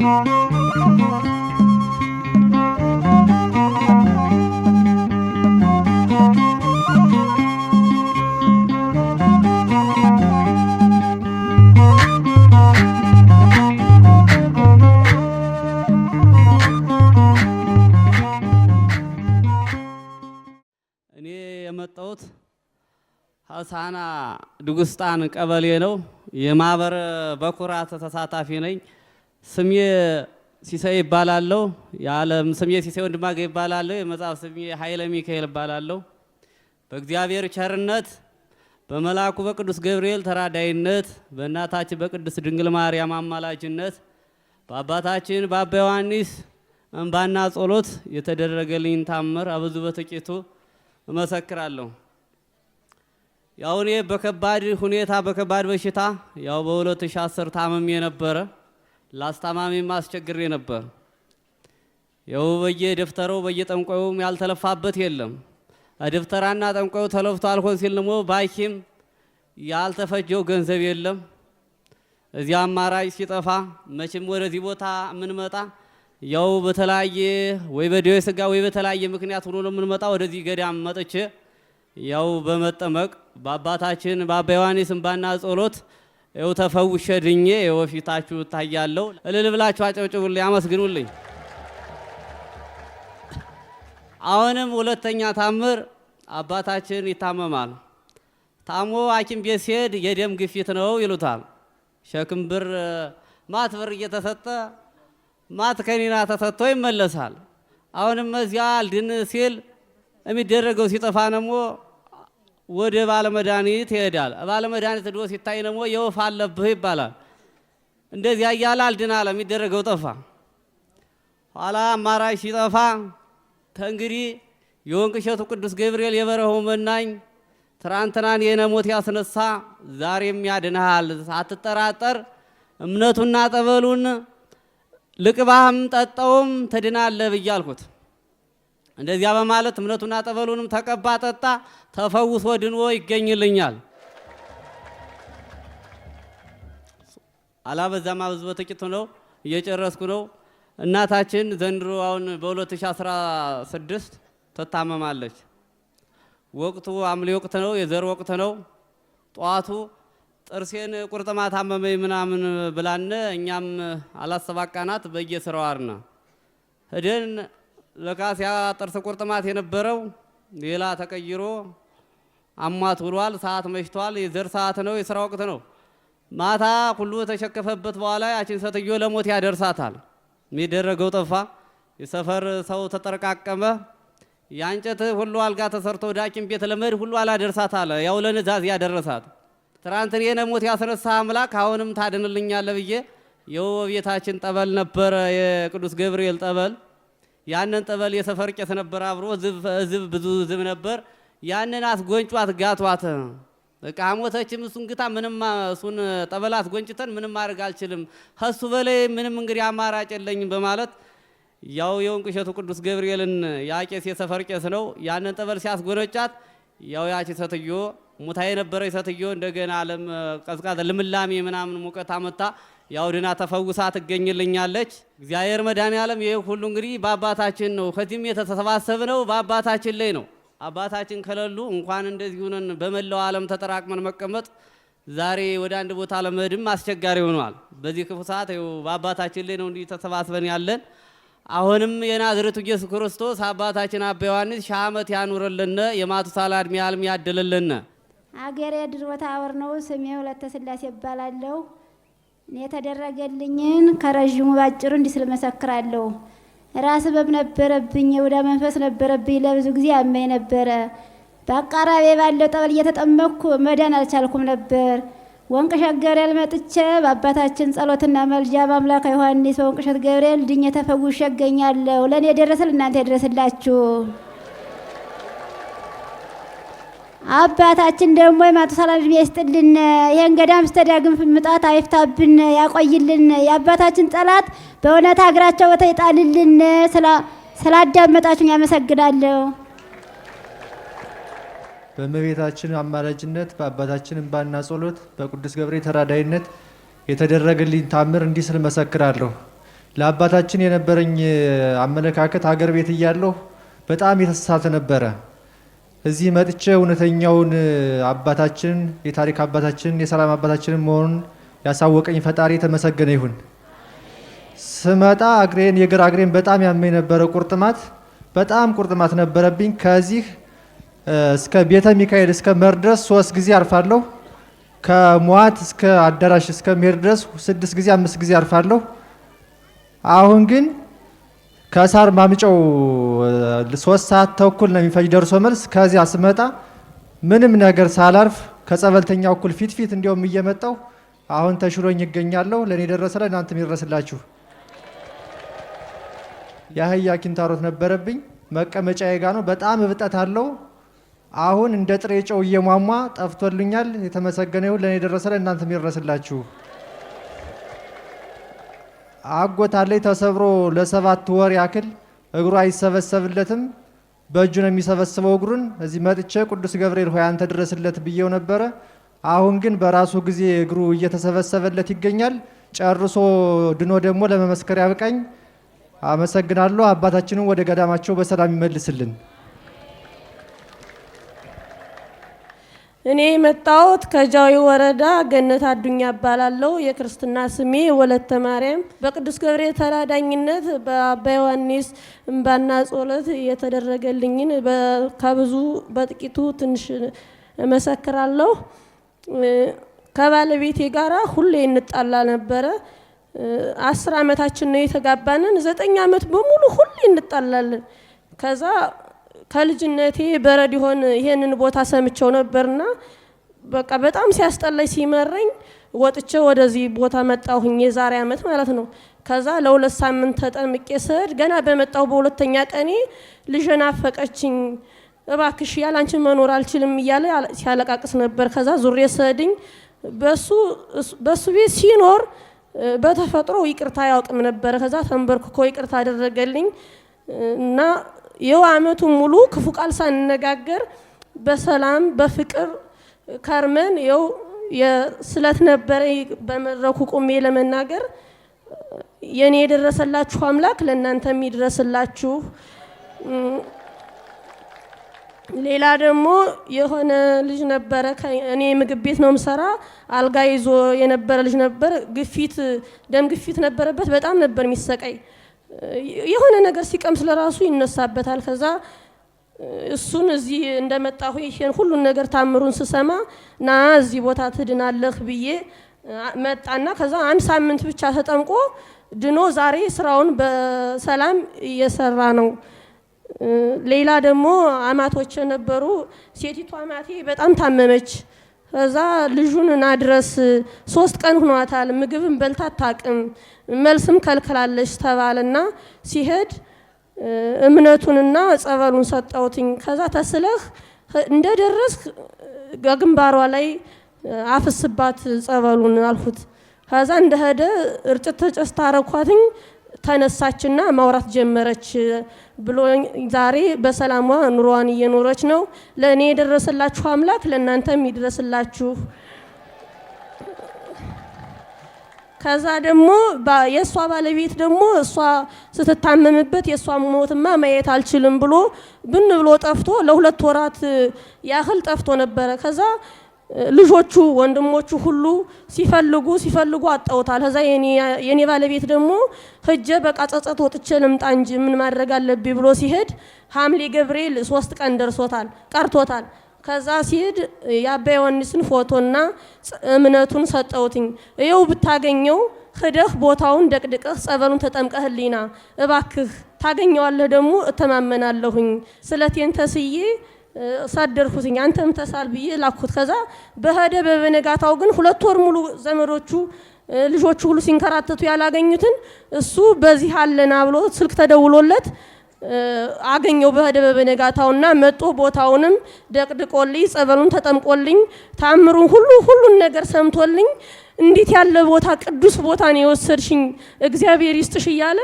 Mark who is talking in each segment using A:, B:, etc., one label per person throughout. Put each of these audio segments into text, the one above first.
A: ሳና ሆሳዕና ድጉስጣን ቀበሌ ነው። የማህበረ በኩራት ተሳታፊ ነኝ። ስሜ ሲሳይ ይባላለሁ። የዓለም ስሜ ሲሳይ ወንድማገ ይባላለሁ። የመጽሐፍ ስሜ ኃይለ ሚካኤል ይባላለሁ። በእግዚአብሔር ቸርነት በመልአኩ በቅዱስ ገብርኤል ተራዳይነት በእናታችን በቅድስት ድንግል ማርያም አማላጅነት በአባታችን በአባ ዮሐንስ እንባና ጸሎት የተደረገልኝ ታምር አብዙ በጥቂቱ እመሰክራለሁ። ያው እኔ በከባድ ሁኔታ በከባድ በሽታ ያው በ2010 ታመም የነበረ ላስታማሚ ማስቸግሬ ነበር። ይኸው በየ በየጠንቋዩም ያልተለፋበት የለም። ደፍተራና ጠንቋዩ ተለፍቶ አልሆን ሲል ደግሞ ባኪም ያልተፈጀው ገንዘብ የለም። እዚያ አማራጭ ሲጠፋ መቼም ወደዚህ ቦታ የምንመጣ ያው በተለያየ ወይ በደዌ ስጋ ወይ በተለያየ ምክንያት ሆኖ ነው የምንመጣ። ወደዚህ ገዳም መጥቼ ያው በመጠመቅ በአባታችን በአባ ዮሐንስ እንባና ጸሎት ይኸው ተፈውሼ ድኜ ይኸው ፊታችሁ እታያለሁ። እልል ብላችሁ አጨብጭቡልኝ፣ አመስግኑልኝ። አሁንም ሁለተኛ ታምር አባታችን ይታመማል። ታሞ ሐኪም ቤት ሲሄድ የደም ግፊት ነው ይሉታል። ሸክም ብር ማት ብር እየተሰጠ ማት ከኒና ተሰጥቶ ይመለሳል። አሁንም እዚያ አልድን ሲል የሚደረገው ሲጠፋ ነሞ ወደ ባለመድኃኒት ይሄዳል። ባለመድኃኒት ድሮ ሲታይ ደግሞ የወፍ አለብህ ይባላል። እንደዚያ እያለ አልድናለ የሚደረገው ጠፋ። ኋላ አማራጭ ሲጠፋ ተእንግዲህ የወንቅ እሸቱ ቅዱስ ገብርኤል የበረሆ መናኝ ትናንትናን የነሞት ያስነሳ ዛሬም ያድንሃል። አትጠራጠር፣ እምነቱና ጠበሉን ልቅባህም ጠጠውም ትድናለህ ብዬ አልኩት። እንደዚያ በማለት እምነቱና ጠበሉንም ተቀባ ጠጣ፣ ተፈውሶ ድኖ ይገኝልኛል። አላበዛም፣ አብዝ በጥቂቱ ነው። እየጨረስኩ ነው። እናታችን ዘንድሮ አሁን በ2016 ትታመማለች። ወቅቱ አምሌ ወቅት ነው፣ የዘር ወቅት ነው። ጠዋቱ ጥርሴን ቁርጥማ ታመመኝ ምናምን ብላነ እኛም አላሰባቃናት አርና ሄደን ለካ ሲያ ጥርስ ቁርጥማት የነበረው ሌላ ተቀይሮ አሟት ውሏል። ሰዓት መሽቷል። የዘር ሰዓት ነው፣ የስራ ወቅት ነው። ማታ ሁሉ ተሸከፈበት በኋላ ያችን ሴትዮ ለሞት ያደርሳታል። የሚደረገው ጠፋ። የሰፈር ሰው ተጠረቃቀመ። የእንጨት ሁሉ አልጋ ተሰርቶ ዳኪም ቤት ለመድ ሁሉ አላደርሳት አለ። ያው ለንዛዝ ያደረሳት ትናንት እኔን ሞት ያስነሳ አምላክ አሁንም ታድንልኛለ ብዬ የው ቤታችን ጠበል ነበረ የቅዱስ ገብርኤል ጠበል ያንን ጠበል የሰፈር ቄስ ነበር አብሮ ዝብ ብዙ ዝብ ነበር። ያንን አስጎንጯት ጋቷት በቃ አሞተችም። እሱን ግታ ምንም እሱን ጠበል አስጎንጭተን ምንም ማድረግ አልችልም፣ ከሱ በላይ ምንም እንግዲህ አማራጭ የለኝም በማለት ያው የወንቅ እሸቱ ቅዱስ ገብርኤልን ያ ቄስ የሰፈር ቄስ ነው። ያንን ጠበል ሲያስጎነጫት ያው ያቺ ሴትዮ ሙታ የነበረች ሴትዮ እንደገና ለም ቀዝቃዛ ልምላሜ ምናምን ሙቀት አመታ። ያው ድና ተፈውሳ ትገኝልኛለች። እግዚአብሔር መድኃኔ ዓለም ይህ ሁሉ እንግዲህ በአባታችን ነው። ከዚህም ነው በአባታችን ላይ ነው። አባታችን ከሌሉ እንኳን እንደዚህ ሆነን በመላው ዓለም ተጠራቅመን መቀመጥ ዛሬ ወደ አንድ ቦታ ለመሄድም አስቸጋሪ ሆኗል። በዚህ ክፉ ሰዓት በአባታችን ላይ ነው እንዲህ ተሰባስበን ያለን። አሁንም የናዝሬቱ ኢየሱስ ክርስቶስ አባታችን አባ ዮሐንስ ሺህ ዓመት ያኑርልን፣ የማቱሳላ ዕድሜ ያደለልን።
B: አገሬ ድሮታ አወር ነው። ስሜ ሁለተ ስላሴ እባላለሁ። የተደረገልኝን ከረዥሙ ባጭሩ እንዲህ ስል መሰክራለሁ። ራስ ህመም ነበረብኝ፣ የወዳ መንፈስ ነበረብኝ። ለብዙ ጊዜ አመኝ ነበረ። በአቃራቢ ባለው ጠበል እየተጠመኩ መዳን አልቻልኩም ነበር። ወንቅሸት ገብርኤል መጥቼ በአባታችን ጸሎትና መልጃ በአምላካ ዮሐንስ በወንቅሸት ገብርኤል ድኜ ተፈውሼ እገኛለሁ። ለእኔ የደረሰ ለእናንተ የደረስላችሁ። አባታችን ደግሞ የማቱሳላን ዕድሜ ይስጥልን። ይህን ገዳም ስተዳግም ምጣት አይፍታብን ያቆይልን። የአባታችን ጠላት በእውነት ሀገራቸው ይጣልልን ስላዳመጣችሁን ያመሰግናለሁ።
C: በእመቤታችን አማላጅነት በአባታችን እንባና ጸሎት በቅዱስ ገብርኤል ተራዳይነት የተደረገልኝ ታምር እንዲህ ስል መሰክራለሁ። ለአባታችን የነበረኝ አመለካከት ሀገር ቤት እያለሁ በጣም የተሳሳተ ነበረ። እዚህ መጥቼ እውነተኛውን አባታችን የታሪክ አባታችን የሰላም አባታችንን መሆኑን ያሳወቀኝ ፈጣሪ የተመሰገነ ይሁን። ስመጣ እግሬን የግራ እግሬን በጣም ያመኝ ነበረ። ቁርጥማት በጣም ቁርጥማት ነበረብኝ። ከዚህ እስከ ቤተ ሚካኤል እስከ መር ድረስ ሶስት ጊዜ አርፋለሁ። ከሟት እስከ አዳራሽ እስከ መሄድ ድረስ ስድስት ጊዜ አምስት ጊዜ አርፋለሁ። አሁን ግን ከሳር ማምጨው ሶስት ሰዓት ተኩል ነው የሚፈጅ ደርሶ መልስ። ከዚያ ስመጣ ምንም ነገር ሳላርፍ ከጸበልተኛ እኩል ፊት ፊት እንዲያውም እየመጣው አሁን ተሽሎኝ ይገኛለሁ። ለእኔ ደረሰ፣ እናንተ ይደረስላችሁ። የአህያ ኪንታሮት ነበረብኝ መቀመጫ ጋ ነው። በጣም እብጠት አለው። አሁን እንደ ጥሬ ጨው እየሟሟ ጠፍቶልኛል። የተመሰገነ ይሁን። ለእኔ ደረሰ፣ እናንተ ይደረስላችሁ። አጎታለይ ተሰብሮ ለሰባት ወር ያክል እግሩ አይሰበሰብለትም። በእጁ ነው የሚሰበስበው እግሩን። እዚህ መጥቼ ቅዱስ ገብርኤል ሆይ አንተ ድረስለት ብዬው ነበረ። አሁን ግን በራሱ ጊዜ እግሩ እየተሰበሰበለት ይገኛል። ጨርሶ ድኖ ደግሞ ለመመስከር ያብቃኝ። አመሰግናለሁ። አባታችንን ወደ ገዳማቸው በሰላም ይመልስልን።
B: እኔ የመጣሁት ከጃዊ ወረዳ ገነት አዱኛ እባላለሁ። የክርስትና ስሜ ወለተ ማርያም። በቅዱስ ገብርኤል ተራዳኝነት በአባ ዮሐንስ እምባና ጸሎት የተደረገልኝን ከብዙ በጥቂቱ ትንሽ እመሰክራለሁ። ከባለቤቴ ጋር ሁሌ እንጣላ ነበረ። አስር ዓመታችን ነው የተጋባንን። ዘጠኝ ዓመት በሙሉ ሁሌ እንጣላለን። ከዛ ከልጅነቴ በረድ ይሆን ይሄንን ቦታ ሰምቸው ነበርና በቃ በጣም ሲያስጠላኝ ሲመረኝ ወጥቼ ወደዚህ ቦታ መጣሁኝ። የዛሬ አመት ማለት ነው። ከዛ ለሁለት ሳምንት ተጠምቄ ስሄድ ገና በመጣሁ በሁለተኛ ቀኔ ልጄን አፈቀችኝ። እባክሽ ያለ አንቺ መኖር አልችልም እያለ ሲያለቃቅስ ነበር። ከዛ ዙሬ ስሄድኝ በሱ ቤት ሲኖር በተፈጥሮ ይቅርታ አያውቅም ነበረ። ከዛ ተንበርክኮ ይቅርታ አደረገልኝ እና ይኸው አመቱን ሙሉ ክፉ ቃል ሳንነጋገር በሰላም በፍቅር ከርመን ይኸው ስለት ነበረ በመድረኩ ቆሜ ለመናገር የእኔ የደረሰላችሁ አምላክ ለእናንተም ይድረስላችሁ። ሌላ ደግሞ የሆነ ልጅ ነበረ። እኔ ምግብ ቤት ነው ምሰራ። አልጋ ይዞ የነበረ ልጅ ነበር። ግፊት ደም ግፊት ነበረበት። በጣም ነበር የሚሰቃይ የሆነ ነገር ሲቀምስ ለራሱ ይነሳበታል። ከዛ እሱን እዚህ እንደመጣሁ ይሄን ሁሉን ነገር ታምሩን ስሰማ ና እዚህ ቦታ ትድናለህ ብዬ መጣና ከዛ አንድ ሳምንት ብቻ ተጠምቆ ድኖ ዛሬ ስራውን በሰላም እየሰራ ነው። ሌላ ደግሞ አማቶች የነበሩ ሴቲቱ አማቴ በጣም ታመመች። ከዛ ልጁን እናድረስ ሶስት ቀን ሁኗታል። ምግብን በልታ አታቅም፣ መልስም ከልክላለች ተባለና ሲሄድ እምነቱንና ጸበሉን ሰጠውትኝ። ከዛ ተስለህ እንደደረስክ ግንባሯ ላይ አፍስባት ጸበሉን አልሁት። ከዛ እንደሄደ እርጭት ተጨስታ አረኳትኝ። ተነሳችና ማውራት ጀመረች ብሎ ዛሬ በሰላሟ ኑሯን እየኖረች ነው። ለእኔ የደረሰላችሁ አምላክ ለእናንተም ይድረስላችሁ። ከዛ ደግሞ የእሷ ባለቤት ደግሞ እሷ ስትታመምበት የእሷ ሞትማ ማየት አልችልም ብሎ ብን ብሎ ጠፍቶ ለሁለት ወራት ያህል ጠፍቶ ነበረ። ከዛ ልጆቹ ወንድሞቹ ሁሉ ሲፈልጉ ሲፈልጉ አጣውታል። ከዛ የኔ ባለቤት ደግሞ ህጀ በቃ ጸጸት ወጥቼ ልምጣ እንጂ ምን ማድረግ አለብኝ ብሎ ሲሄድ ሐምሌ ገብርኤል ሶስት ቀን ደርሶታል ቀርቶታል። ከዛ ሲሄድ የአባ ዮሐንስን ፎቶና እምነቱን ሰጠውትኝ። ይኸው ብታገኘው ህደህ ቦታውን ደቅድቀህ ጸበሉን ተጠምቀህልኝና እባክህ ታገኘዋለህ፣ ደግሞ እተማመናለሁኝ ስለቴን ተስዬ ሳደርኩትኝ አንተም ተሳል ብዬ ላኩት። ከዛ በሄደ በበነጋታው ግን ሁለት ወር ሙሉ ዘመዶቹ ልጆቹ ሁሉ ሲንከራተቱ ያላገኙትን እሱ በዚህ አለና ብሎ ስልክ ተደውሎለት አገኘው በሄደ በበነጋታውና መጦ ቦታውንም ደቅድቆልኝ ጸበሉን ተጠምቆልኝ ታምሩን ሁሉ ሁሉን ነገር ሰምቶልኝ እንዴት ያለ ቦታ ቅዱስ ቦታ ነው የወሰድሽኝ እግዚአብሔር ይስጥሽ እያለ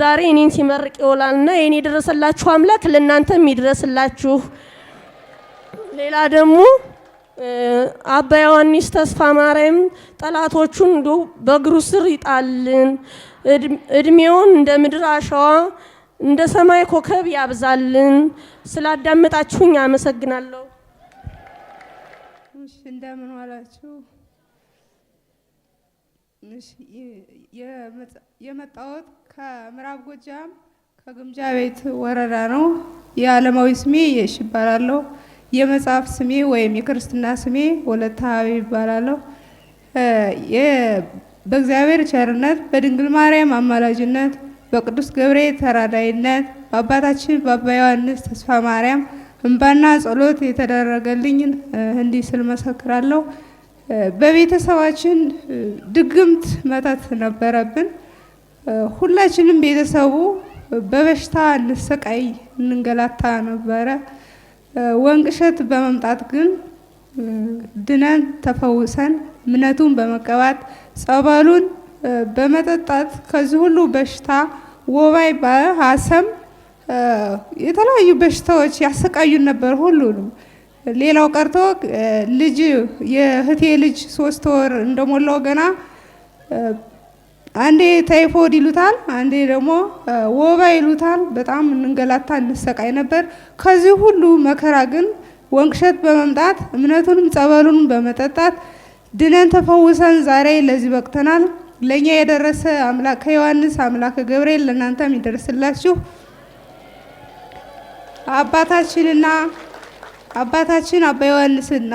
B: ዛሬ እኔን ሲመርቅ ይውላልና የኔ የደረሰላችሁ አምላክ ለእናንተም ይድረስላችሁ። ሌላ ደግሞ አባ ዮሐንስ ተስፋ ማርያም ጠላቶቹን እንዶ በእግሩ ስር ይጣልን፣ እድሜውን እንደ ምድር አሸዋ እንደ ሰማይ ኮከብ ያብዛልን። ስላዳመጣችሁኝ አመሰግናለሁ።
D: እሺ፣ እንደምን ዋላችሁ። እሺ፣ የመጣሁት ከምዕራብ ጎጃም ከግምጃ ቤት ወረዳ ነው። የዓለማዊ ስሜ የሽ ይባላለሁ። የመጽሐፍ ስሜ ወይም የክርስትና ስሜ ወለተ ይባላለሁ። በእግዚአብሔር ቸርነት በድንግል ማርያም አማላጅነት በቅዱስ ገብርኤል ተራዳይነት በአባታችን በአባ ዮሐንስ ተስፋ ማርያም እንባና ጸሎት የተደረገልኝ እንዲህ ስል መሰክራለሁ። በቤተሰባችን ድግምት መተት ነበረብን። ሁላችንም ቤተሰቡ በበሽታ እንሰቃይ እንንገላታ ነበረ። ወንቅ እሸት በመምጣት ግን ድነን ተፈውሰን እምነቱን በመቀባት ጸበሉን በመጠጣት ከዚህ ሁሉ በሽታ ወባይ በአሰም የተለያዩ በሽታዎች ያሰቃዩን ነበር ሁሉንም። ሌላው ቀርቶ ልጅ የእህቴ ልጅ ሶስት ወር እንደሞላው ገና አንዴ ታይፎድ ይሉታል፣ አንዴ ደግሞ ወባ ይሉታል። በጣም እንንገላታ እንሰቃይ ነበር። ከዚህ ሁሉ መከራ ግን ወንቅሸት በመምጣት እምነቱንም ጸበሉን በመጠጣት ድነን ተፈውሰን ዛሬ ለዚህ በቅተናል። ለእኛ የደረሰ አምላክ ከዮሐንስ አምላክ ገብርኤል ለእናንተም ይደርስላችሁ። አባታችንና አባታችን አባ ዮሐንስና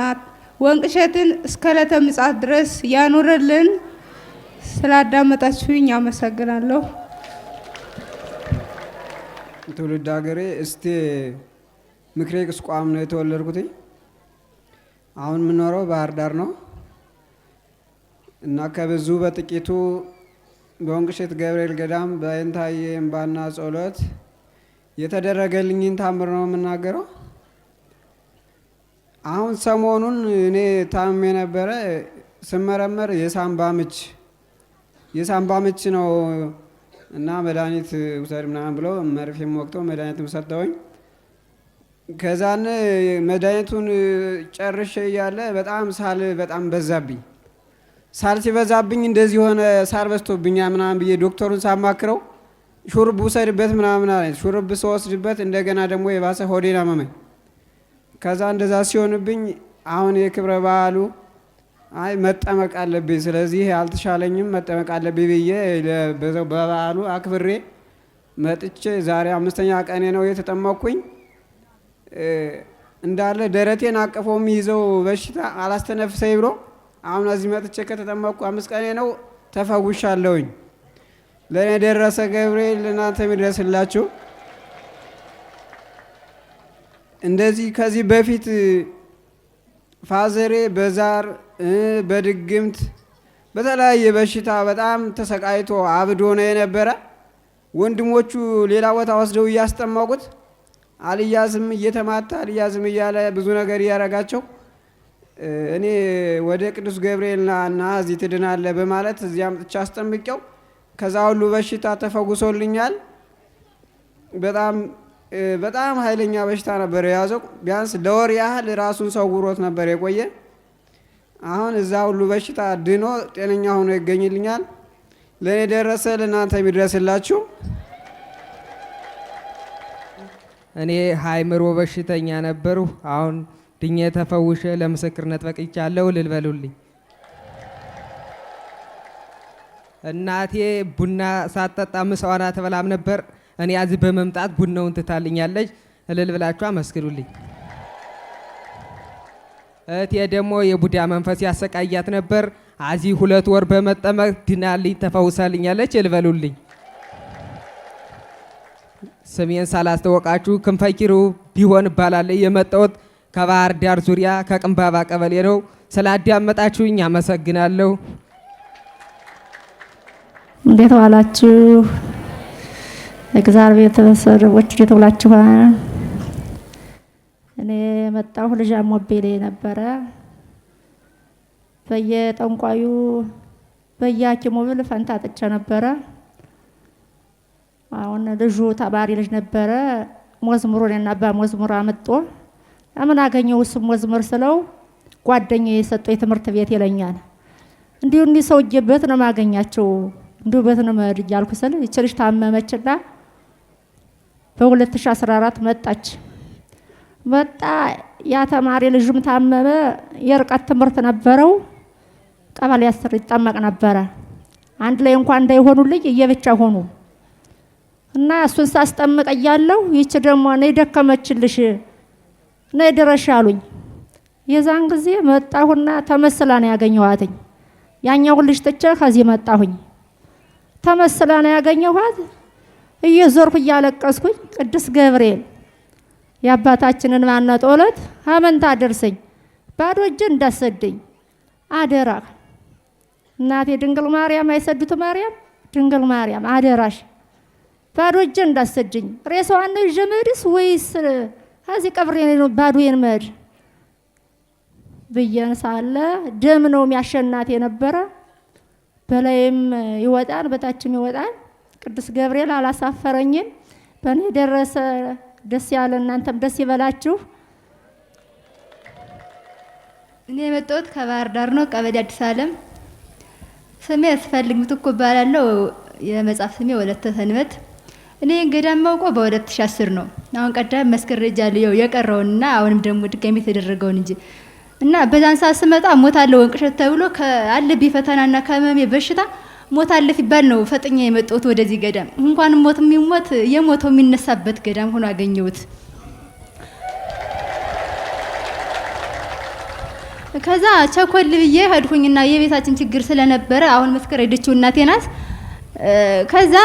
D: ወንቅሸትን እስከ ዕለተ ምጽአት ድረስ ያኑርልን። ስላዳመጣችሁኝ አመሰግናለሁ።
E: ትውልድ ሀገሬ እስቴ ምክሬ ቅስቋም ነው የተወለድኩትኝ። አሁን የምኖረው ባህር ዳር ነው እና ከብዙ በጥቂቱ በወንቅሽት ገብርኤል ገዳም በይንታዬ እምባና ጸሎት የተደረገልኝን ታምር ነው የምናገረው። አሁን ሰሞኑን እኔ ታምሜ ነበረ። ስመረመር የሳምባ ምች የሳምባ ምች ነው እና መድኃኒት ውሰድ ምናምን ብሎ መርፌም ወቅተው መድኃኒትም ሰጠውኝ። ከዛን መድኃኒቱን ጨርሼ እያለ በጣም ሳል በጣም በዛብኝ። ሳል ሲበዛብኝ እንደዚህ የሆነ ሳል በዝቶብኛ ምናምን ብዬ ዶክተሩን ሳማክረው ሹርብ ውሰድበት ምናምን አለ። ሹርብ ስወስድበት እንደገና ደግሞ የባሰ ሆዴን አመመኝ። ከዛ እንደዛ ሲሆንብኝ አሁን የክብረ በዓሉ አይ መጠመቅ አለብኝ፣ ስለዚህ አልተሻለኝም፣ መጠመቅ አለብኝ ብዬ በዛው በበዓሉ አክብሬ መጥቼ ዛሬ አምስተኛ ቀኔ ነው የተጠመቅኩኝ። እንዳለ ደረቴን አቅፎ የሚይዘው በሽታ አላስተነፍሰኝ ብሎ አሁን እዚህ መጥቼ ከተጠመቅኩ አምስት ቀኔ ነው ተፈውሻለሁኝ። ለእኔ ደረሰ ገብርኤል፣ ለእናንተ የሚደርስላችሁ። እንደዚህ ከዚህ በፊት ፋዘሬ በዛር በድግምት በተለያየ በሽታ በጣም ተሰቃይቶ አብዶ ነው የነበረ። ወንድሞቹ ሌላ ቦታ ወስደው እያስጠመቁት አልያዝም እየተማታ አልያዝም እያለ ብዙ ነገር እያረጋቸው እኔ ወደ ቅዱስ ገብርኤልና እና እዚህ ትድናለ በማለት እዚያ አምጥቼ አስጠምቄው ከዛ ሁሉ በሽታ ተፈጉሶልኛል። በጣም በጣም ኃይለኛ በሽታ ነበር የያዘው። ቢያንስ ለወር ያህል ራሱን ሰውሮት ነበር የቆየ። አሁን እዛ ሁሉ በሽታ ድኖ ጤነኛ ሆኖ ይገኝልኛል። ለእኔ ደረሰ፣ ለእናንተ የሚድረስላችሁ። እኔ ሀይምሮ በሽተኛ ነበሩ። አሁን ድኜ ተፈውሸ ለምስክርነት በቅቻለሁ። ልልበሉልኝ። እናቴ ቡና ሳትጠጣ ምሳዋን አትበላም ነበር። እኔ አዚህ በመምጣት ቡናውን ትታልኛለች። እልል ብላችሁ አመስግኑልኝ። እህቴ ደግሞ የቡዳ መንፈስ ያሰቃያት ነበር። አዚህ ሁለት ወር በመጠመቅ ድናልኝ ተፈውሳልኛለች። ይልበሉልኝ። ስሜን ሳላስተወቃችሁ ክንፈኪሩ ቢሆን እባላለሁ። የመጣሁት ከባህር ዳር ዙሪያ ከቅንባባ ቀበሌ ነው። ስላዳመጣችሁኝ አመሰግናለሁ። እንዴት ዋላችሁ? እግዚአብሔር ቤተሰቦች እንዴት ውላችኋል? እኔ መጣሁ ልጅ አሞቤ ነበረ። በየጠንቋዩ በየሐኪሙ ብል ፈንታ ጥቼ ነበረ። አሁን ልጁ ተማሪ ልጅ ነበረ። መዝሙሩን የናባ መዝሙር አምጦ ለምን አገኘው እሱም መዝሙር ስለው ጓደኛ የሰጠው የትምህርት ቤት ይለኛል። እንዲሁ እንዲህ ሰውዬ በት ነው የማገኛቸው እንዲሁ በት ነው መሄድ እያልኩ ስል ይችልሽ ታመመችና በ2014 መጣች። በጣ ያ ተማሪ ልጁም ታመመ። የርቀት ትምህርት ነበረው። ቀበሌ አስር ይጠመቅ ነበረ። አንድ ላይ እንኳን እንዳይሆኑልኝ እየብቻ ሆኑ እና እሱን ሳስጠምቅ እያለሁ ይቺ ደግሞ ነይ ደከመችልሽ ነይ ድረሽ አሉኝ። የዛን ጊዜ መጣሁና ተመስላ ነው ያገኘኋትኝ። ያኛውን ልጅ ትቼ ከዚህ መጣሁኝ። ተመስላ ነው ያገኘኋት። እየዞርኩ እያለቀስኩኝ ቅዱስ ገብርኤል የአባታችንን ማነ ጦለት ሀመንታ አደርሰኝ ባዶ እጅ እንዳሰደኝ አደራ እናቴ ድንግል ማርያም አይሰዱት ማርያም ድንግል ማርያም አደራሽ ባዶ እጅ እንዳሰደኝ ሬሳዋን ነው ይዤ መሄድስ ወይስ ከዚህ ቀብሬ ነው ባዶዬን መሄድ ብዬን ሳለ ደም ነው የሚያሸናት የነበረ በላይም ይወጣል በታችም ይወጣል ቅዱስ ገብርኤል አላሳፈረኝም በእኔ ደረሰ ደስ ያለ እናንተም ደስ ይበላችሁ። እኔ የመጣሁት ከባህር ዳር ነው፣ ቀበሌ አዲስ አለም ስሜ ያስፈልግ ምትኩ እባላለሁ። የመጽሐፍ ስሜ ወለተ ሰንበት። እኔ እንግዳ የማውቀው በ2010 ነው። አሁን ቀደም መስክሬጃለሁ የቀረውንና አሁንም ደግሞ ድጋሚ የተደረገውን እንጂ እና በዛን ሰዓት ስመጣ ሞታለሁ ወንቅሸት ተብሎ ከአለብኝ ፈተናና ከመሜ በሽታ ሞት አለ ሲባል ነው ፈጥኛ የመጣሁት ወደዚህ ገዳም። እንኳን ሞት የሚሞት የሞተው የሚነሳበት ገዳም ሆኖ አገኘሁት። ከዛ ቸኮል ብዬ ሄድኩኝና የቤታችን ችግር ስለነበረ አሁን መስከረ ሄደችው እናቴ ናት። ከዛ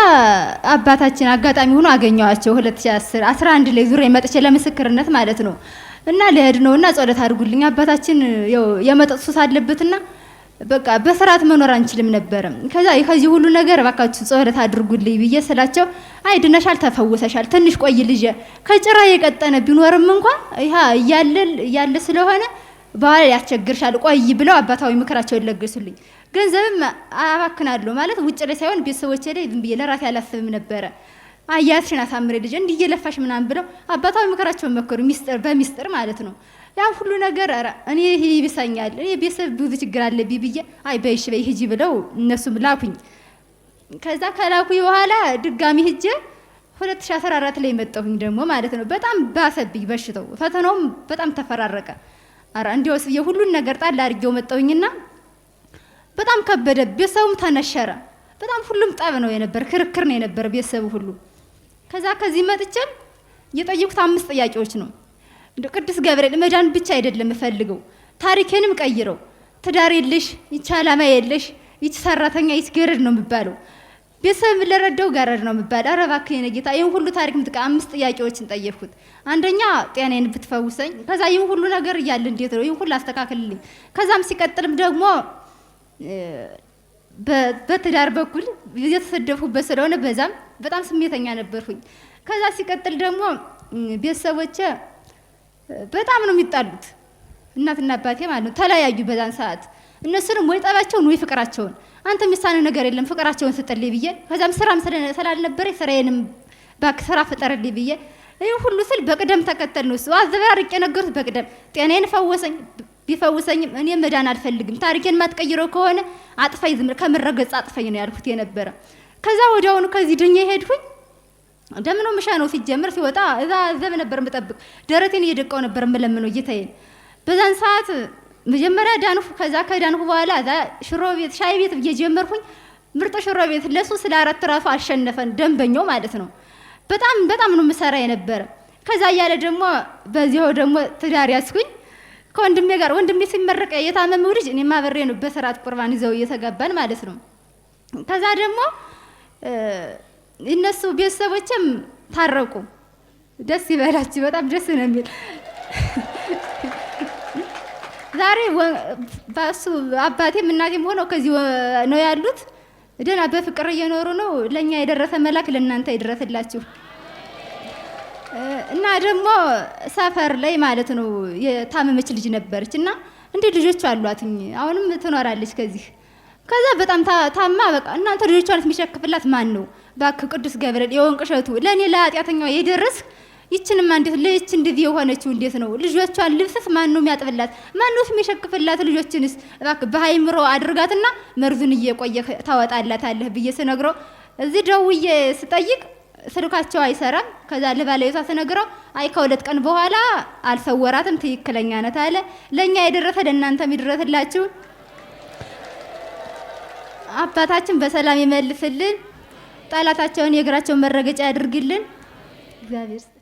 E: አባታችን አጋጣሚ ሆኖ አገኘዋቸው 2010 11 ላይ ዙሬ መጥቼ ለምስክርነት ማለት ነው እና ልሄድ ነው እና ጸሎት አድርጉልኝ አባታችን የመጠጥ ሱስ አለበትና በቃ በፍርሃት መኖር አንችልም ነበረ። ከዛ ከዚህ ሁሉ ነገር እባካችሁ ጸሎት አድርጉልኝ ብዬ ስላቸው አይ ድነሻል፣ ተፈውሰሻል፣ ትንሽ ቆይ ልጄ ከጭራ የቀጠነ ቢኖርም እንኳን ይሄ እያለ እያለ ስለሆነ በኋላ ያስቸግርሻል፣ ቆይ ብለው አባታዊ ምክራቸውን ለገሱልኝ። ገንዘብም አባክናለሁ ማለት ውጭ ላይ ሳይሆን ቤተሰቦቼ ላይ ዝም ብዬ ለራሴ አላስብም ነበረ። አያትሽን አሳምሬ ልጄ እንዲህ እየለፋሽ ምናምን ብለው አባታዊ ምክራቸውን መከሩ፣ ሚስጥር በሚስጥር ማለት ነው። ያ ሁሉ ነገር ኧረ እኔ ይሄ ይብሰኛል፣ እኔ ቤተሰብ ብዙ ችግር አለብኝ ብዬ አይ በይሽ በይ ሂጂ ብለው እነሱም ላኩኝ። ከዛ ከላኩኝ በኋላ ድጋሚ ሂጄ 2014 ላይ መጣሁኝ ደግሞ ማለት ነው። በጣም ባሰብኝ በሽተው ፈተናውም በጣም ተፈራረቀ። ኧረ እንዲያውስ ብዬ ነገር ጣል አድርጌው መጣሁኝና በጣም ከበደ። ቤተሰቡም ተነሸረ። በጣም ሁሉም ጠብ ነው የነበር፣ ክርክር ነው የነበር ቤተሰቡ ሁሉ። ከዛ ከዚህ መጥቼም የጠየኩት አምስት ጥያቄዎች ነው እንደ ቅዱስ ገብርኤል መዳን ብቻ አይደለም እፈልገው ታሪኬንም ቀይረው ትዳር የለሽ ይቺ አላማ የለሽ ይቺ ሰራተኛ ይቺ ገረድ ነው የሚባለው። ቤተሰብ ለረዳው ገረድ ነው የሚባለው። ኧረ እባክህ ጌታ ይህን ሁሉ ታሪክ ምትቀ አምስት ጥያቄዎችን ጠየቅኩት። አንደኛ ጤናዬን ብትፈውሰኝ፣ ከዛ ይህን ሁሉ ነገር እያለ እንዴት ነው ይህን ሁሉ አስተካክልልኝ። ከዛም ሲቀጥልም ደግሞ በትዳር በኩል የተሰደብኩበት ስለሆነ በዛም በጣም ስሜተኛ ነበርኩኝ። ከዛ ሲቀጥል ደግሞ ቤተሰቦቼ በጣም ነው የሚጣሉት እናትና አባቴ ማለት ነው። ተለያዩ በዛን ሰዓት እነሱንም ወይ ጠባቸውን ወይ ፍቅራቸውን። አንተ የሚሳነው ነገር የለም ፍቅራቸውን ስጥልኝ ብዬ ከዛም ስራም ስላልነበረ ስራዬንም ባክ ስራ ፍጠርልኝ ብዬ ይህ ሁሉ ስል በቅደም ተከተል ነው እሱ አዘበራርቄ ነገሩት። በቅደም ጤናዬን ፈወሰኝ። ቢፈውሰኝም እኔ መዳን አልፈልግም። ታሪኬን ማትቀይረው ከሆነ አጥፋኝ፣ ዝም ከምረገጽ አጥፋኝ ነው ያልኩት የነበረ። ከዛ ወዲያውኑ ከዚህ ድኜ ሄድኩኝ። ደምኖ መሻ ነው ሲጀምር ሲወጣ እዛ ዘብ ነበር የምጠብቅ ደረቴን እየደቀው ነበር የምለምነው እይታዬን በዛን ሰዓት መጀመሪያ ዳንሁ። ከዛ ከዳንሁ በኋላ እዛ ሽሮ ቤት ሻይ ቤት እየጀመርኩኝ ምርጥ ሽሮ ቤት ለሱ ስለ አራት ራሱ አሸነፈን ደንበኛው ማለት ነው። በጣም በጣም ነው የምሰራ የነበረ። ከዛ እያለ ደግሞ በዚያው ደግሞ ትዳር ያስኩኝ ከወንድሜ ጋር ወንድሜ ሲመረቀ የታመመው ልጅ እኔ ማበሬ ነው በሰራት ቁርባን ይዘው እየተጋባን ማለት ነው። ከዛ ደግሞ እነሱ ቤተሰቦችም ታረቁ። ደስ ይበላችሁ። በጣም ደስ ነው የሚል ዛሬ በሱ አባቴም እናቴም ሆነው ከዚህ ነው ያሉት። ደህና በፍቅር እየኖሩ ነው። ለእኛ የደረሰ መላክ ለእናንተ ይድረስላችሁ እና ደግሞ ሰፈር ላይ ማለት ነው የታመመች ልጅ ነበረች እና እንዴ ልጆች አሏትኝ አሁንም ትኖራለች። ከዚህ ከዛ በጣም ታማ በቃ እናንተ ልጆቿን የሚሸክፍላት ማን ነው? ባክ ቅዱስ ገብርኤል የወንቅ እሸቱ ለእኔ ለኃጢአተኛዋ የደረስክ ይችንማ እንዴት ለይች እንደዚህ የሆነችው እንዴት ነው? ልጆቿን ልብስስ ማን ነው የሚያጥብላት? ማን ነው የሚሸክፍላት? ልጆችንስ እባክህ በሃይምሮ አድርጋትና መርዙን እየቆየ ታወጣላታለህ ብዬ ስነግረው እዚህ ደውዬ ስጠይቅ ስልካቸው አይሰራም። ከዛ ለባለቤቷ ስነግረው አይ ከሁለት ቀን በኋላ አልሰወራትም፣ ትክክለኛ ናት አለ። ለእኛ የደረሰ ለእናንተም ይድረስላችሁ። አባታችን በሰላም ይመልስልን። ጠላታቸውን የእግራቸውን መረገጫ ያድርግልን እግዚአብሔር።